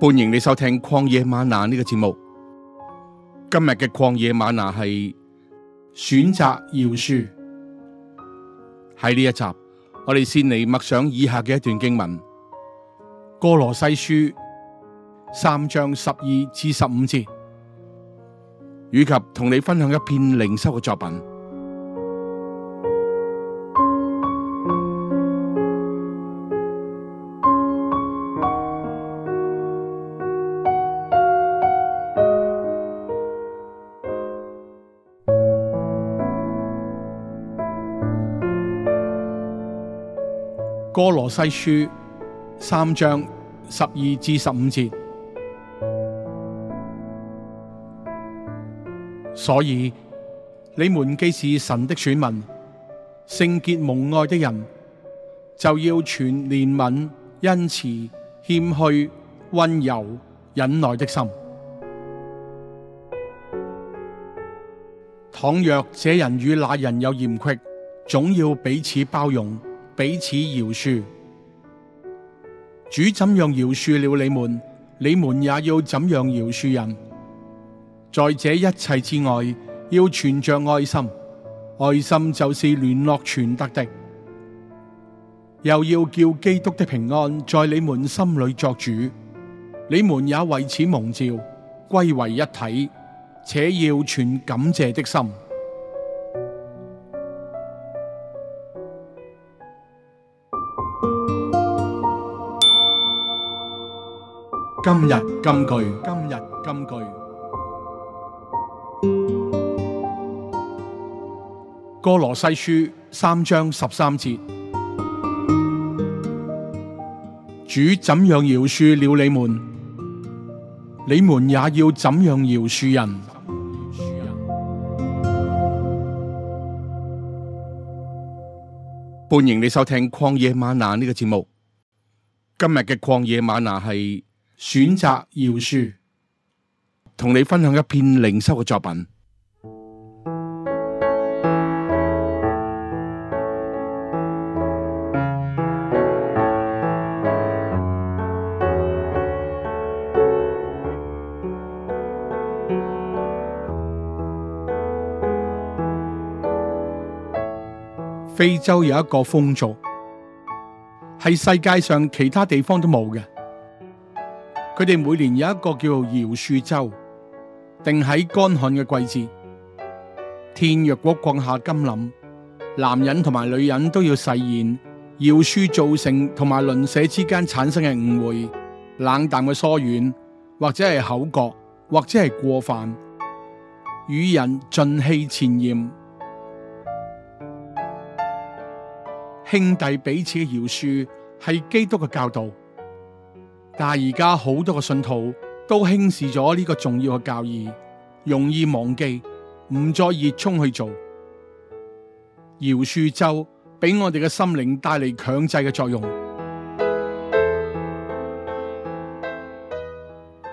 歡迎你收聽曠野嗎哪呢個節目。今日嘅曠野嗎哪係選擇饒恕，喺呢一集，我哋先嚟默想以下嘅一段經文：歌羅西書三章十二至十五節，以及同你分享一篇靈修嘅作品。《歌羅西書》三章十二至十五節，所以你們既是神的選民，聖潔蒙愛的人，就要存憐憫、恩慈、謙虛、溫柔、忍耐的心。倘若這人與那人有嫌隙，總要彼此包容。彼此饒恕，主怎樣饒恕了你們，你們也要怎樣饒恕人。在這一切之外，要存着愛心，愛心就是聯絡全德的。又要叫基督的平安在你們心裏作主，你們也為此蒙召，歸為一體，且要存感謝的心。今日金句，今日金句。歌羅西書三章十三節，主怎樣饒恕了你們，你們也要怎樣饒恕人。歡迎你收聽曠野嗎哪呢、這個節目。今日嘅曠野嗎哪係。選擇饒恕，同你分享一篇靈修嘅作品。非洲有一個風俗，係世界上其他地方都冇嘅。佢哋每年有一個叫做饒恕周，定喺乾旱嘅季節。天若果降下甘霖，男人同埋女人都要誓言饒恕造成同埋鄰舍之間產生嘅誤會、冷淡嘅疏遠，或者係口角，或者係過犯，與人盡棄前嫌。兄弟彼此嘅饒恕係基督嘅教導。但係而家好多嘅信徒都輕視咗呢個重要嘅教義，容易忘記，唔再熱衷去做。饒恕咒俾我哋嘅心靈帶嚟強制嘅作用。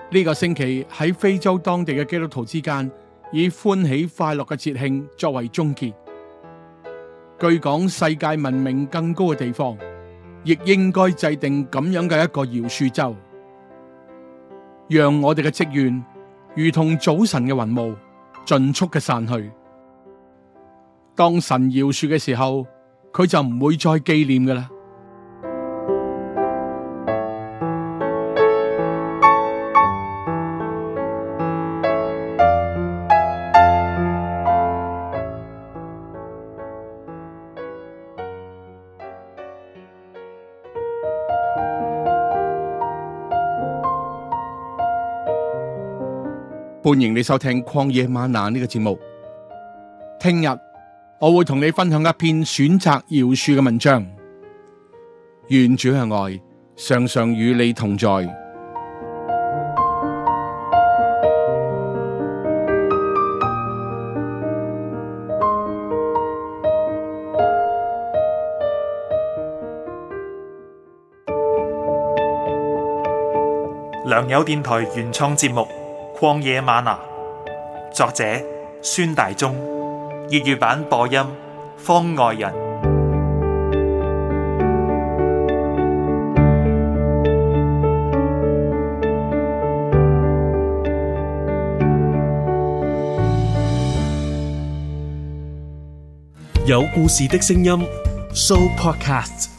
呢、這個星期喺非洲當地嘅基督徒之間，以歡喜快樂嘅節慶作為終結。據講，世界文明更高嘅地方。亦應該制定咁樣嘅一個饒恕週，讓我哋嘅積怨如同早晨嘅雲霧，盡速嘅散去。當神饒恕嘅時候，佢就唔會再紀念㗎喇。歡迎你收聽曠野嗎哪呢個節目。聽日我會同你分享一篇選擇饒恕嘅文章。願主嘅愛常常與你同在。良友電台原創節目。曠野嗎哪，作者孫大中，粵語版播音方外人，有故事的聲音 show podcast。